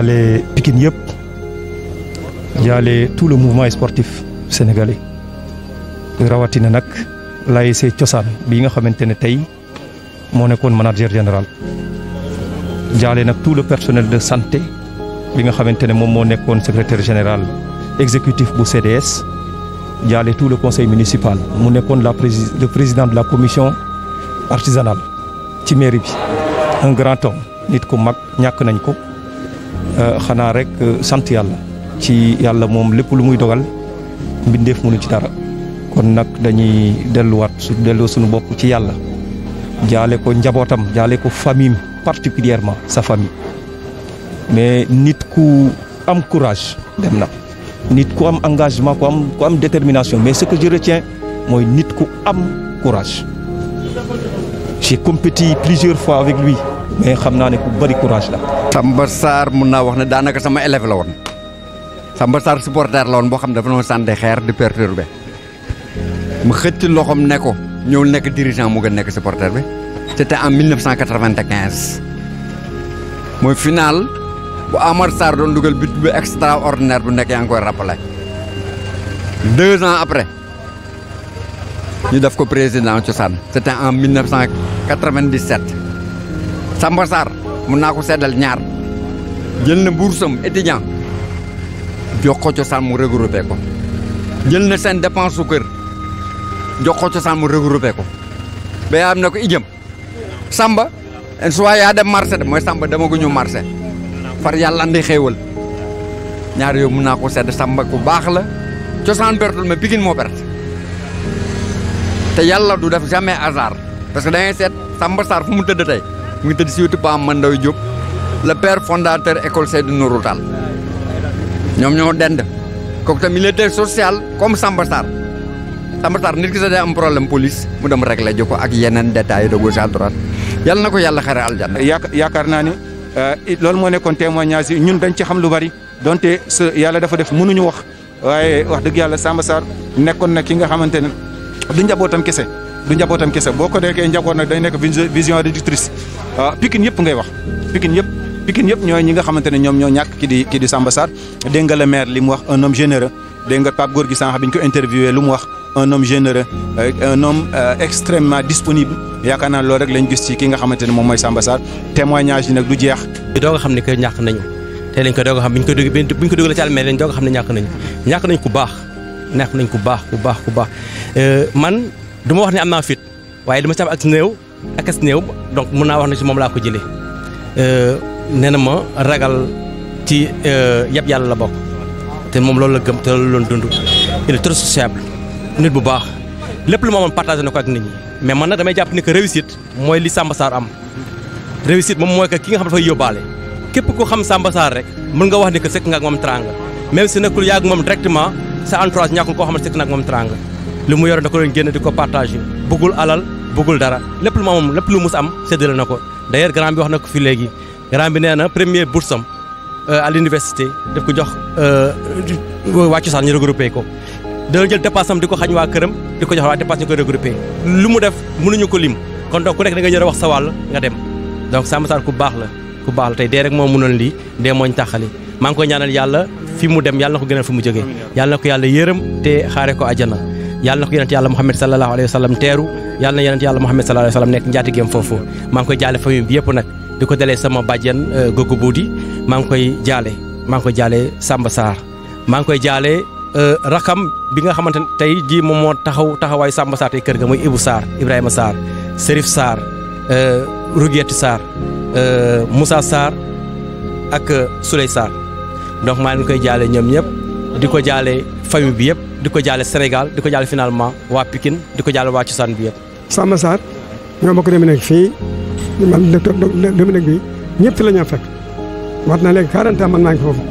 J'allais les Pikine yëpp il tout le mouvement sportif sénégalais Rawatine Nak, l'AEC cosaan qui nga le manager général J'allais nag tout le personnel de santé bi nga xamante ne secrétaire général exécutif du CDS jaale tout le conseil municipal qui est le président de la commission artisanale ci mairie bi un grand homme nit ku mag ñàkk euh, xanaa rek euh, sant yàlla ci yàlla moom lépp lu muy dogal mbindeef mënu ci dara kon nag dañuy delluwaat su delloo sunu bopp ci yàlla jaale ko njabootam jaale ko famille particulièrement sa famille mais nit ku am courage dem na nit ku am engagement ku am ku am détermination mais ce que je retiens mooy nit ku am courage j'ai compéti plusieurs fois avec lui mais xam naa ne ku bëri courage la. Samba Sarr mun naa wax ne daanaka sama élève la woon Samba Sarr supporter la woon boo xam dafa doon sànni xeer di perturbé mu xëcc loxom ne ko ñëwul nekk dirigeant mu gën nekk supporter bi c'était en 1995 mooy final bu Amar Sarr doon dugal but bu extraordinaire bu nekk yaa ngi koy rappelé deux ans après. ñu def ko président cosaan c'était en 1997 sama sar, menaku saya ko seddal ñaar jël na mbuursam étudiant jox ko sal mu regroupé ko jël na seen dépense su jox ko mu am Samba en soit ada dem marché de moy Samba dama guñu marché far yalla ndi xéewal ñaar yo mën sedd Samba ku bax la cosaan bertul me Pikine mo bert te yalla du def jamais hasard parce que da ngay Samba sar fu mu teud tay mu ngi tëdd si wetu Pape Mandaw Diop le père fondateur école Seydou Nourou Tall ñoom ñoo dend kooku tam militaire social comme Samba Sarr Samba Sarr nit ki sax am problème police mu dem réglé ji ko ak yeneen détails de gauche à droite yàlla na ko yàlla xare aljanna. yaakaar naa ni euh, loolu moo nekkoon témoignage yi ñun dañ ci xam lu bari donte sa yàlla dafa def mënuñu wax waaye wax dëgg yàlla Samba nekkoon na ki nga xamante ne du njabootam kese. du njabootam kese boo ko nekkee njaboot nag day nekk vision réductrice ah, Pikine yëpp ngay wax Pikine yëpp Pikine yëpp ñooy ñi nga xamante ne ñoom ñoo ñàkk ki di kii di Samba Sarr dégg nga le maire li mu wax un homme généreux dégg nga Pape Gorgui Sankhar bi ko interviewé lu mu wax un homme généreux euh, un homme euh, extrêmement disponible yaakaar naa loolu rek lañ gis ci ki nga xamante ne moom mooy Samba Sarr témoignage yi nag du jeex. doo nga xam ne que ñàkk nañu te lañ ko doog a xam biñ ko dugg a xam baax ñàkk nañ ku baax ku euh, du wax ne am naa fit waaye dama ci am ak si néew ak as néew donc mun naa wax ne ci moom laa ko jëlee euh, nee na ma ragal ci euh, yab yàlla la bokk te moom loolu la gëm te loolu la dund il est trop nit bu baax lépp lu ma amoon partagé na ko ak nit ñi mais man nag damay jàpp ni que réussite mooy li Samba Sarr am réussite moom mooy que ki nga xam dafay yóbbaale képp ku xam Samba Sarr rek mën nga wax ni que sekk nga ak moom teraanga même si nekkul yàgg moom directement sa entourage ñàkkul koo xam ne sekk na moom teraanga limu yor da ko doon génn di ko alal bugul dara lepp lu mom lepp lu mus am séddale nako d'ailleurs grand bi wax na fi léegi grand bi premier bourse premier euh, à l'université Def ko jox euh, waccu sal ñu regroupé ko da jël dépasse am diko xagn wa kërëm diko jox wa dépasse ñu regroupé lu mu def ñu ko lim kon do ku nekk da nga ñëra wax sa wal nga dem donc sama Sarr ku bax la ku bax tay dé rek mo mënon li dé moñ tàqali maa ngi koy ñaanal yalla fi mu dem yalla ko gënal fu mu joggé yalla ko yalla yërem té xaré ko aljana yàlla na ko yonent yàlla Muhammad sallallahu alayhi wa teeru yàlla na yonent yàlla Muhammad sallallahu alayhi wa sallam nekk njaatigéem foofu maa ngi koy jaale famille bi yëpp nag di ko dalee sama bàjjen euh, Gogo Buudi maa ngi koy jaale maa ngi koy jaale Samba Sarr maa ngi koy jaale euh, rakam bi nga xamante ne tey jii moom moo taxaw taxawaayu sàmba Sarr tey kër ga mooy Ibou Sarr Ibrahima Sarr Serif Sarr euh, Rouguette Sarr musa Sarr ak Souley Sarr donc maa ngi koy jaale ñoom ñëpp di ko jaale famille bi yëpp. di ko jaale senegal di ko jaale finalement waa Pikine di ko jaale waa cosaan bi yëpp. Samba Sarr ñoo bokk Dominique fii man Dominique bi ñëpp la ñu fekk wax na léegi 40 ans man maa ngi foofu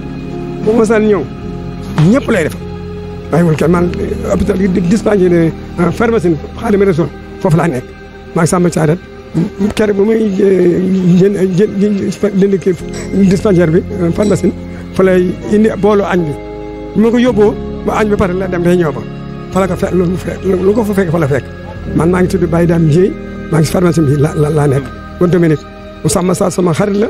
bu ma saan ñëw ñëpp lay def bàyyiwul kenn man eh, hôpital yi dispensaire de eh, pharmacie Xaadimu Rasuul foofu laa nekk maa ngi Samba Sarr kere bu muy jën eh, jën kii dispensaire bi pharmacie fa lay indi boolu añ bi ma ko yóbboo. ba añ ba pare la dem day ñëw ba fa ko fe lu fe lu ko fa fekk fa la fekk man maa ngi tudd Baye Dame Ndiaye maa ngi la la laa nekk bon Dominique bu sàmm sa sama xarit la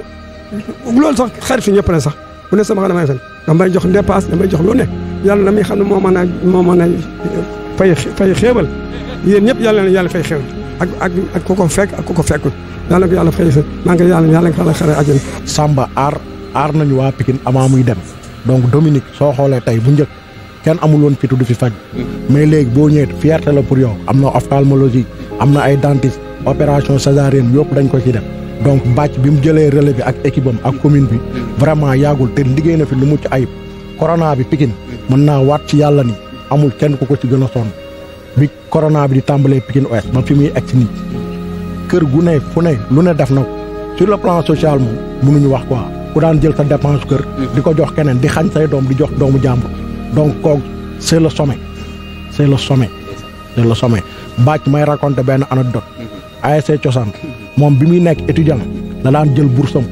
loolu sax xaritu ñëpp la sax bu ne sama xarit may fen jox dépasse damay jox lu ne yàlla na muy xam ne moo mën a moo a fay fay xéewal yéen ñëpp yàlla na yàlla fay xéewal ak ak ak ku ko fekk ak ku ko fekkul yàlla ko yàlla fay sa maa ngi yàlla yàlla nga yàlla xare àjjana Samba aar aar nañu waa Pikine amaa muy dem donc Dominique soo xoolee tey bu njëkk kenn amul woon fi tudd fi faj mais léegi boo ñëwee fierté la pour yow am na ophtalmologie am na ay dentiste opération césarienne yëpp dañ ko ci def donc bàcc bi mu jëlee relais bi ak équipe ak commune bi vraiment yaagul te liggéey na fi lu mucc ayib corona bi Pikine mën naa waat ci yàlla ni amul kenn ku ko ci gën a sonn bi corona bi di tàmbalee Pikine Ouest ba fi muy egg si nii kër gu ne fu ne lu ne def na ko sur le plan social moom mënuñu wax quoi ku daan jël sa dépense kër di ko jox keneen di xañ say doom di jox doomu jàmbur donc kooku c'est le sommet c'est le sommet c'est le sommet bàcc may raconter benn anecdote mhm. ASC cosaan moom bi muy nekk étudiant da daan jël boursam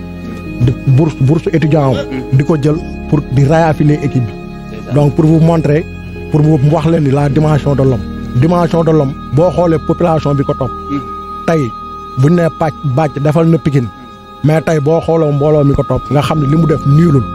di bourse bourse étudiant mhm. di ko jël pour di réaffiler équipe bi donc pour vous montrer pour vous wax leen ni la dimension de l'homme dimension de l'homme boo xoolee population bi ko topp mhm. tey bu ñu nee pàcc bàcc defal na Pikine mais tey boo xoolee mbooloo mi ko topp nga xam ne li mu def niilul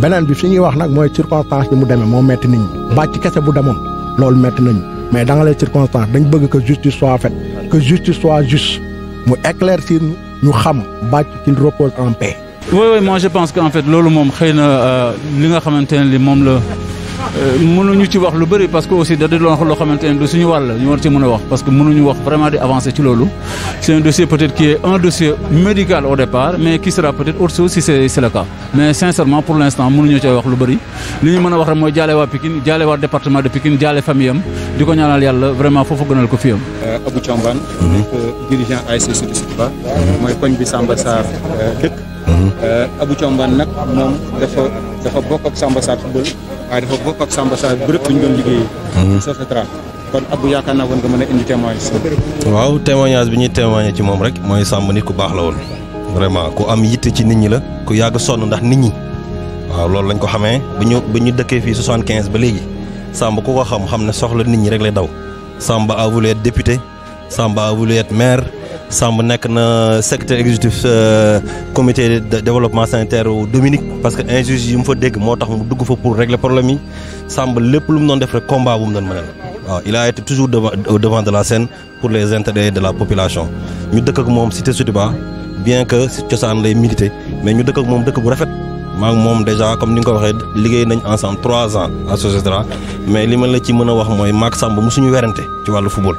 beneen bi fi ñuy wax nag mooy circonstance bi mu demee moo metti nit ñi bàcc kese bu demoon loolu metti nañu mais dangalé circonstance circonstances dañ bëgg que justice soit faite que justice soit juste mu éclaircir ñu xam bàcc ci repose en paix. oui oui moi je pense que en fait loolu moom xëy na euh, li nga xamante ne li moom la. Euh, mënuñu ci wax lu bari parce que aussi da di doon loo xamante du suñu wàll ñu war ci mën wax parce que mënuñu wax vraiment di avancer ci lolu c'est un dossier peut-être qui est un dossier médical au départ mais qui sera peut-être autre chose si c'est c'est le cas mais sincèrement pour l'instant mënuñu ci wax lu bari li ñu mëna wax rek moy jalé wa Pikine jalé wa département de Pikine jalé famiyam diko ñaanal yalla vraiment fofu gënal ko fiyam euh, Abou Chamban, mhm. euh, dirigeant ASC de Sicap moy koñ bi Samba Sarr dëkk Euh, Abou Thiomban nag moom dafa dafa bokk ak mhm. kon Abou yaakaar naa woon nga mën a indi waaw témoignage bi ñuy témoigner ci moom rek mooy Samba nit ku baax la woon vraiment ku am yitte ci nit ñi la ku yàgg sonn ndax nit ñi waaw loolu lañ ko xamee bu ñu bu ñu dëkkee fii 75 ba léegi Samba ku ko xam xam ne soxla nit ñi rek lay daw Samba a voulu être député Samba a voulu Samb nekk na secrétaire exécutif euh, comité de développement sanitaire Dominique parce que injustice yi mu fa dégg moo tax mu dugg fa pour régler problème yi Samb lépp lu mu doon def rek combat bu mu doon mënal waaw il a été toujours au devant de la scène pour les intérêts de la population ñu dëkk ak moom cité débat, bien que si cosaan lay militer mais ñu dëkk ak moom dëkk bu rafet maa ngi moom déjà comme ni nga ko waxee liggéey nañ ensemble trois ans à Sosodra mais li ma la ci mën a wax mooy maak Samb mosuñu werante ci wàllu football.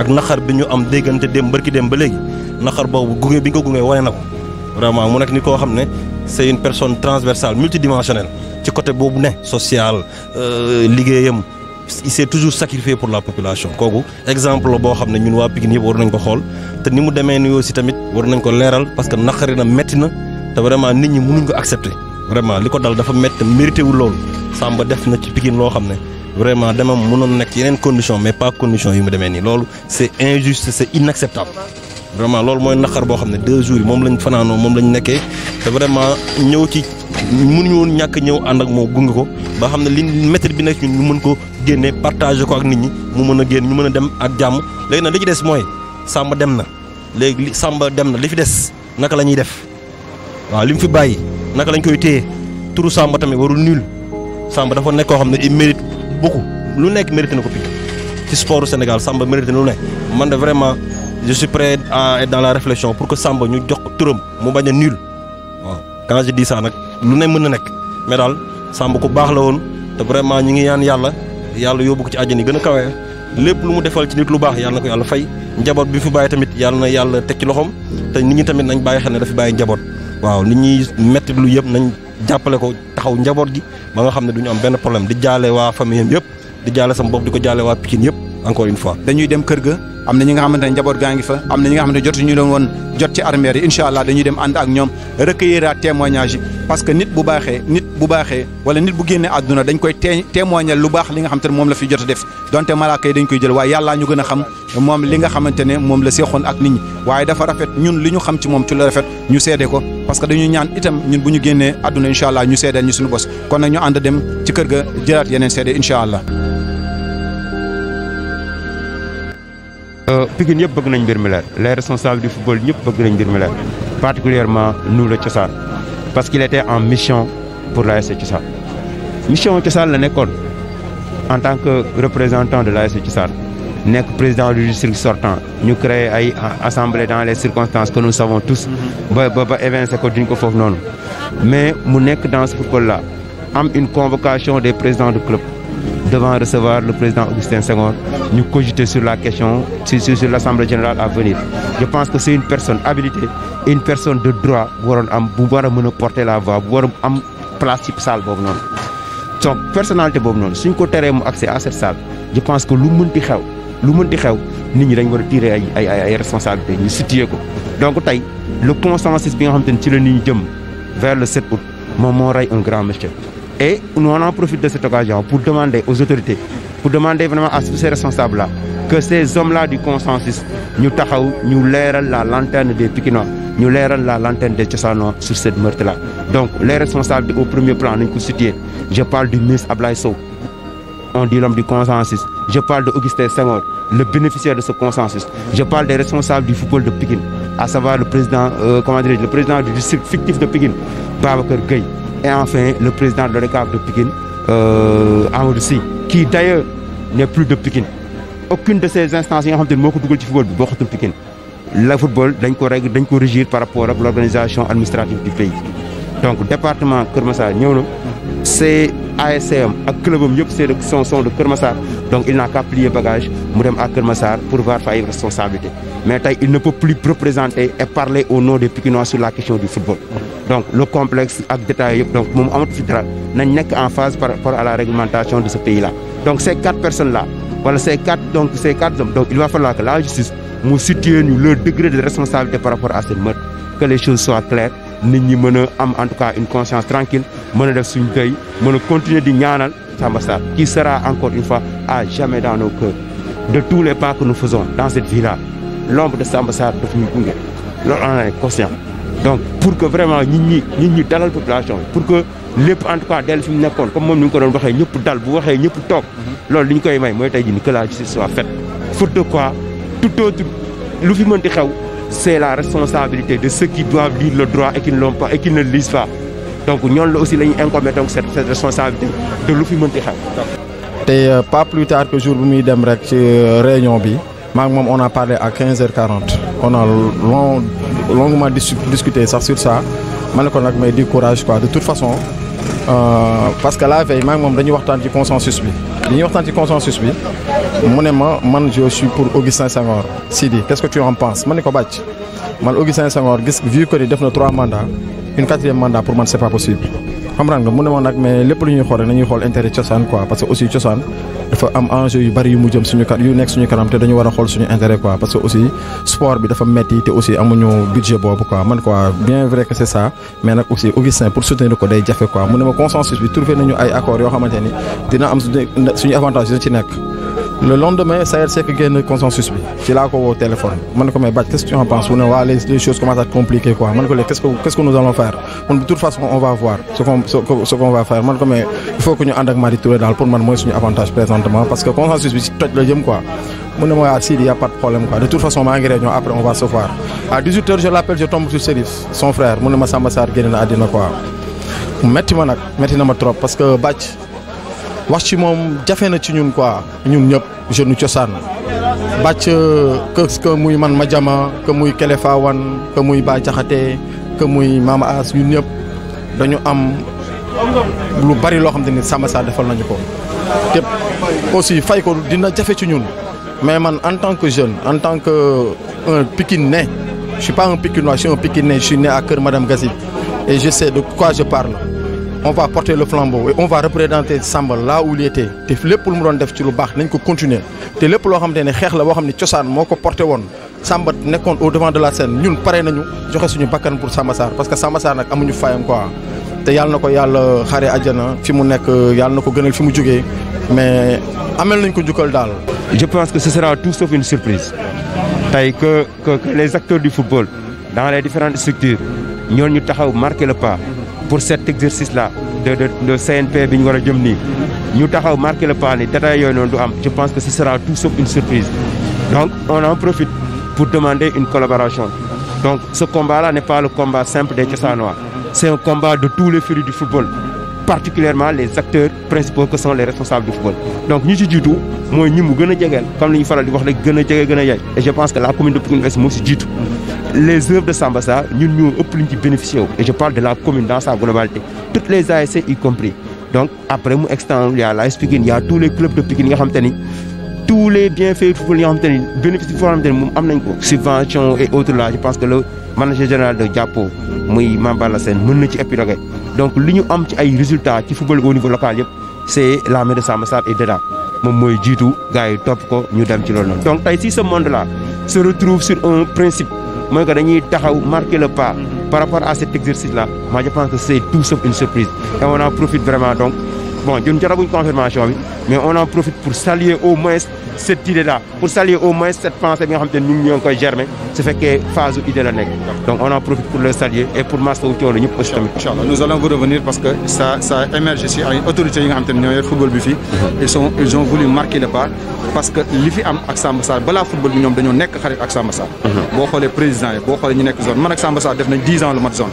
ak naxar bi ñu am déggante dem barki dem ba léegi naxar boobu gunge bi ñu ko gunge wane na ko vraiment mu nekk ni koo xam ne c'est une personne transversale multidimensionnelle ci côté boobu ne social euh, liggéeyam il s'est toujours sacrifié pour la population kooku exemple la boo xam ne ñun waa Pikine yëpp war nañ ko xool te ni mu demee nii aussi tamit war nañ ko leeral parce que naqari na metti na te vraiment nit ñi mënuñ ko accepter vraiment li ko dal dafa métti mérité wu loolu Samba def na ci Pikine loo xam ne vraiment dama mënoon nek yeneen condition mais pas condition yu mu demee nii c'est injuste c'est inacceptable vraiment loolu moy naqar bo xam deux jours mom lañ fanaanoo mom lañ nekkee vraiment ñëw ci mënuñu woon ñak ñëw and ak mo gunge ko ba xam li maître bi nekk ñun ñu mën ko génne partager ko ak nit ñi mu mëna génn ñu mëna dem ak jamm légui nag li ci dess moy Samba dem na légui Samba dem na li fi des naka lañuy def waaw lim fi bayyi naka lañ koy téye turu Samba tamit warul nul Samba dafa nekk koo xam ne il mérite beaucoup lu nekk mérite na ko Pikine ci sportu Sénégal Samba mérite lu nekk man de vraiment je suis prêt à être dans la réflexion pour que Samba ñu jox ko turam mu bañ a nul waaw quand je dis ça nag lu ne mën na nekk mais daal Samba ku baax la woon te vraiment ñu ngi yaan yàlla yàlla yóbbu ko ci àjjana yi gën a kawe lépp lu mu defal ci nit lu baax yàlla na ko yàlla fay njaboot bi fi bàyyi tamit yàlla na yàlla teg ci loxom te nit ñi tamit nañ bàyyi xel ne dafa bàyyi njaboot waaw nit ñi metti lu yëpp nañ jàppale ko taxaw njaboot gi ba nga xam ne du am benn problème di jaale waa famille yëpp di jaale sama bopp di ko jaale waa Pikine yëpp encore une fois dañuy dem kër ga am na ñi nga xamante ne njaboot gaa ngi fa am na ñi nga xamante ne jotuñu doon woon jot ci armeer yi incha allah dañuy dem ànd ak ñoom recueillir témoignage yi parce que nit bu baaxee nit bu baaxee wala nit bu génnee àdduna dañ koy témoigner lu baax li nga xamante ne moom la fi jot a def donte malaaka yi dañ koy jël waaye yàlla ñu gën a xam moom li nga xamante ne moom la seexoon ak nit ñi waaye dafa rafet ñun li ñu xam ci moom ci la rafet ñu seede ko parce que dañuy ñaan itam ñun bu ñu génnee àdduna incha allah ñu seedeel ñu suñu bos kon nag ñu ànd dem ci kër ga jëlaat yeneen seede Euh, les responsables du football particulièrement nous le tchassar parce qu'il était en mission pour l'ASC Tchassar. mission Cosaan la nekkoon en tant que représentant de la l'ASC Cosaan nek président du district sortant ñu créé ay assemblée dans les circonstances que nous savons tous mais mu sommes dans ce football là am une convocation des présidents de club devant recevoir le président Augustin Senghor, nous cogiter sur la question, sur, l'Assemblée générale à venir. Je pense que c'est une personne habilitée, une personne de droit, pour pouvoir porter la voix, pour pouvoir place ci salle donc personnalité si nous suñ accès à cette salle je pense que nous mënti xew lu xew nit ñi ay responsabilités nous situer ko. donc le consensus bi nga avons ci la vers le 7 août moom un grand monsieur. Et nous en profitons de cette occasion pour demander aux autorités, pour demander vraiment à ces responsables-là, que ces hommes-là du consensus, nous nous la lanterne des Pikinois, nous lèvent la lanterne des Tchassanois sur cette meurtre-là. Donc les responsables au premier plan, nous soutiennent. je parle du ministre Ablaïso, on dit l'homme du consensus, je parle de Augustin le bénéficiaire de ce consensus. Je parle des responsables du football de Pékin, à savoir le président, euh, le président du district fictif de Pékin, Babacar Gueye et enfin le président de l'État de Pékin, euh, Russie, qui d'ailleurs n'est plus de Pékin. Aucune de ces instances, il Moko a du football, de Pékin. Le football, d'un ko régir par rapport à l'organisation administrative du pays. Donc, le département Kermassa, c'est ASM ak club c'est de son de donc il n'a qu'à plier bagage à Kermassar pour voir une responsabilité mais il ne peut plus représenter et parler au nom des Pikinois sur la question du football donc le complexe a détail donc mon amatu n'est n'est phase par rapport à la réglementation de ce pays là donc ces quatre personnes là voilà ces quatre donc ces quatre hommes donc il va falloir que la justice soutienne situe degré de responsabilité par rapport à cette meurtres, que les choses soient claires nous ñi en tout cas une conscience tranquille nous def suñu continuer qui sera encore une fois à jamais dans nos cœurs de tous les pas que nous faisons dans cette ville là l'ombre de Samba Sar en est conscient donc pour que vraiment nous ñi nit ñi population pour que lépp en tout cas comme nous ñu ko doon nous nous dal bu Nous koy may que la justice faite quoi tout autre lu fi c'est la responsabilité de ceux qui doivent lire le droit et qui ne l'ont pas et qui ne le lisent pas donc nous avons aussi une ñuy cette responsabilité de lu fi euh, pas plus tard que jour où nous avons eu réunion on a parlé à 15h40 on a longuement discuté sur ça Malgré ne ko eu du courage quoi de toute façon. Euh, parce que la veille je ngi moom dañuy ci consensus bi suis en waxtaan ci consensus bi je suis pour Augustin Senghor Sidi qu'est-ce que tu en penses Je ne Augustin Senghor vu que j'ai def trois mandats une quatrième mandat pour moi, ce n'est pas possible comprendre nga mu ne ma nag mais lépp lu ñuy xool rek nañuy xool intérêt cosaan quoi parce que aussi cosaan dafa am enjeu yu bari yu mu jëm suñu kat yu nekk suñu kanam te dañu war a xool suñu intérêt quoi parce que aussi sport bi dafa metti te aussi amuñu budget boobu quoi man quoi bien vrai que c'est ça mais nag aussi Augustin pour soutenir ko day jafe quoi mu ne ma consensus bi trouvé nañu ay accords yoo xamante dina am suñu avantage dina ci nekk le lendemain ça a que le consensus bi ci qu'on au téléphone Je me ko dit « qu'est-ce que tu en penses les choses commencent à être compliquées quoi ko qu'est-ce que nous allons faire On de toute façon on va voir ce qu'on ce qu'on va faire il faut que nous avec ak mari Touré daal pour man mooy un avantage présentement parce que consensus c'est ci toj la jëm quoi mu ne ma ah a pas de problème quoi de toute façon après on va se voir à 18h je l'appelle je tombe sur Serif son frère mon ma dit « Sarr génn na àddina quoi metti ma metti trop parce que Bac wax ci moom jafe na ci ñun quoi ñun ñëpp jeune cosaan bàcc que que muy man ma jama que muy Kelefa Wan que muy Ba Jaxate que muy Mama As ñun ñep dañu am lu bari lo xam te ni Samba defal nañu ko te aussi fay ko dina jafé ci ñun mais man en tant que jeune en tant que un pikin né je suis pas un Pikinois je suis un pikin né je suis né à cœur Madame Gazib et je sais de quoi je parle on va porter le flambeau et on va représenter Samba là où il était Et lépp lu mu doon def ci lu baax nañ ko continuer te lépp loo ne xeex la boo xam ne cosaan moo ko porté Samba nekkoon au devant de la scène ñun pare nañu joxe suñu bakkan pour Samba Sarr parce que Samba Sarr nag amuñu fayam quoi te yàlla na ko yàlla xare àjjana fi mu nekk yàlla na ko gënal fi mu jógee mais amel nañ ko jukkal daal. je pense que ce sera tout sauf une surprise tey que que les acteurs du football dans les différentes structures ils taxaw marqué le pas pour cet exercice là de CNP bi Nous avons nous marqué le pas je pense que ce sera tout sauf une surprise donc on en profite pour demander une collaboration donc ce combat là n'est pas le combat simple des Tchassanois. c'est un combat de tous les férus du football particulièrement les acteurs principaux que sont les responsables du football donc nous ci tout tout, ñi mu comme il ñu faral di wax et je pense que la commune de Pikine nous si les œuvres de Sambassa, nous nous avons bénéficié. Et je parle de la commune dans sa globalité. Toutes les ASC y compris. Donc après mon extend, il y a il y a tous les clubs de Pékin, tous les bienfaits football, bénéfices subventions et autres là. Je pense que le manager général de Diapo, m'a Mamba Lassène, mën na ci épiloguer. Donc ce ñu am ci ay résultats ci football au niveau local c'est la mère de Sambassa et de là, mooy jiitu tout, yi top ko ñu dem ci donc ici ce monde là se retrouve sur un principe. Moi, que dañuy taxaw marquer le pas par rapport à cet exercice là moi je pense que c'est tout sauf une surprise et on en profite vraiment donc Bon, nous avons une confirmation, mais on en profite pour saluer au moins cette idée-là, pour saluer au moins cette pensée que nous avons germée, ce fait que phase idée là Donc on en profite pour le saluer et pour masser au tion, Nous allons vous revenir parce que ça, ça émerge ici, une autorité qui ont football bifi, mhm. ils, sont, ils ont voulu marquer le pas parce que l'IFI am ak Samba Sarr balaa football bi ñoom dañoo nekk xarit ak Samba Sarr. Mhm. boo xoolee président yi boo xoolee ñu nekk zone man ak Samba Sarr def nañ 10 ans le match zone.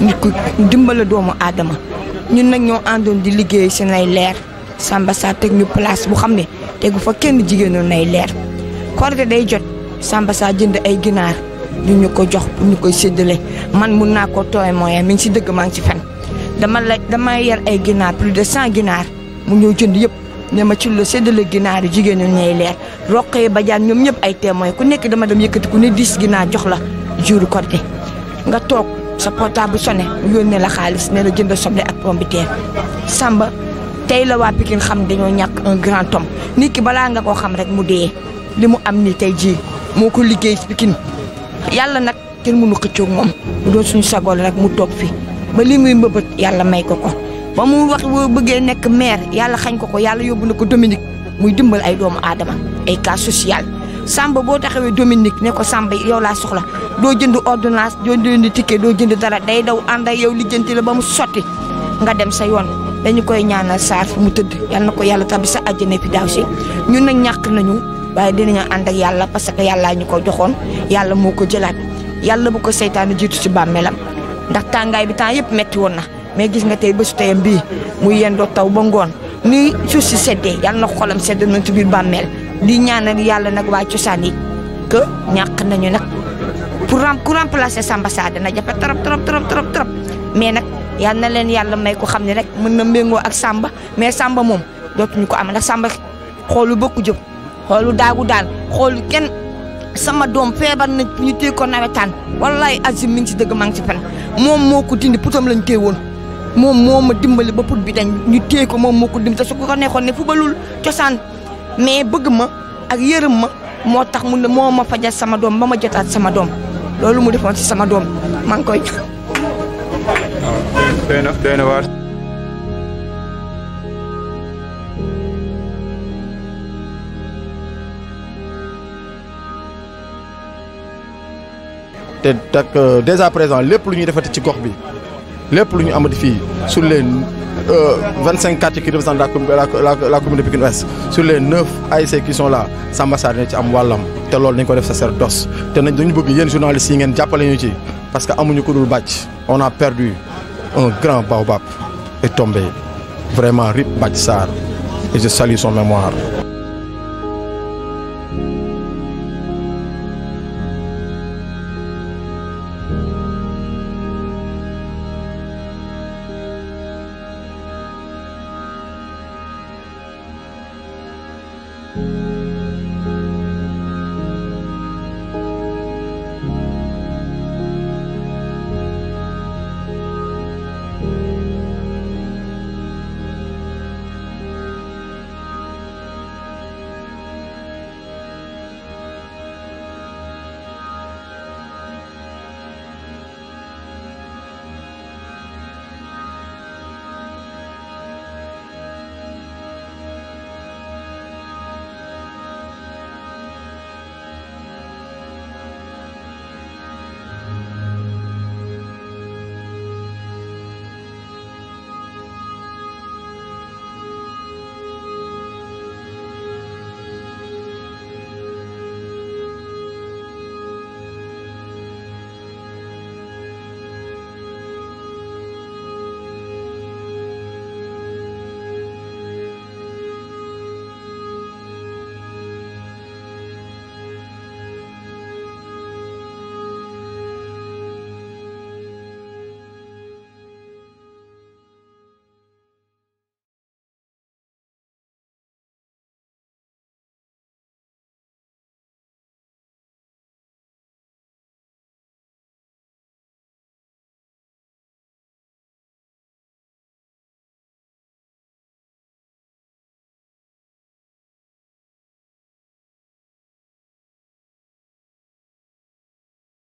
nit ku dimbala doomu aadama ñun nag ñoo àndoon di liggéey si nay leer Samba Sarr teg ñu place bu xam ne tegu fa kenn jigéenu nay leer korite day jot Samba Sarr jënd ay ginaar ñu ñu ko jox pour ñu koy séddale man mun naa koo tooy mooy mi ngi si dëgg maa ngi si fen dama la dama ay ginaar plus de cent ginaar mu ñëw jënd yëpp ne ma ci la séddale ginaar yi jigéen ñi nay leer roqee ba jaan ñoom ñëpp ay témoin ku nekk dama dem yëkkati ku ne diis ginaar jox la juru korite sa portable sonné yónnee la xaalis ne la jënd soble ak pombiteer Samba tey la waa Pikine xam dañoo ñàkk un grand homme nit ki balaa nga koo xam rek mu dee li mu am ni tey jii moo ko liggéey Pikine yàlla nag kenn mënu xëccoog moom bu doon suñu sagool rek mu toog fi ba li muy mbëbët yàlla may ko ko ba mu wax bëggee nekk maire yàlla xañ ko ko yàlla yóbbu na ko Dominique muy dimbal ay doomu aadama ay cas social Samba boo taxawee Dominique ne ko Samba yow laa soxla doo jënd ordonnance doo jënd ticket doo jënd dara day daw ànd ak yow lijjanti la ba mu sotti nga dem sa yoon dañu koy ñaanal saar fu mu tëdd yal na ko yàlla tabbi sa àjjana fi si ñun nag ñàkk nañu waaye dinañu ànd ak yàlla parce que yàllaa ñu ko joxoon yàlla moo ko jëlaat yàlla bu ko seytaane jiitu ci bàmmeelam ndax tàngaay bi temps yëpp metti woon na mais gis nga tey bésu teyam bii muy yendoo taw ba ngoon ni suuf si seddee yàlla na xolam sedd nañ ci biir bàmmeel di yàlla nag waa cosaan yi que nañu nag kuram-kuram placé Samba Sadio na aja trop trop trop trop trop mais nag ya na ya yàlla may ko xam rek mën na ak Samba mais Samba moom dootuñu ko am ndax Samba xoolu bëkku jëm xoolu daagu daal xoolu ken sama dom febar na ñu téye ko nawetaan wallahi azim min ci deug dëgg maa ngi fen mom moko dindi putam lañ téye woon moom moo dimbali ba put bi dañ ñu téye ko mom moko dimbali su ko neexoon ne fu balul mais bëgg ma ak ma mu moma sama dom bama jotat sama dom loolu mu defoon ci sama doom maa ngi koy ñaan. waaw doy na doy te tak euh, dès à présent lépp lu ñuy defati ci gox bi lépp lu ñu amati fii su leen. euh, 25 quartiers qui représentent la, la, la, commune de Pékin Ouest, sur les 9 AIC qui sont là, Samba Sarr dina ci am wàllam te loolu dañ ko def sacerdoce te nañ dañu bëgg yéen journalistes yi ngeen jàppale ñu ci parce que amuñu ko dul on a perdu un grand baobab est tombé vraiment rip Bathie et je salue son mémoire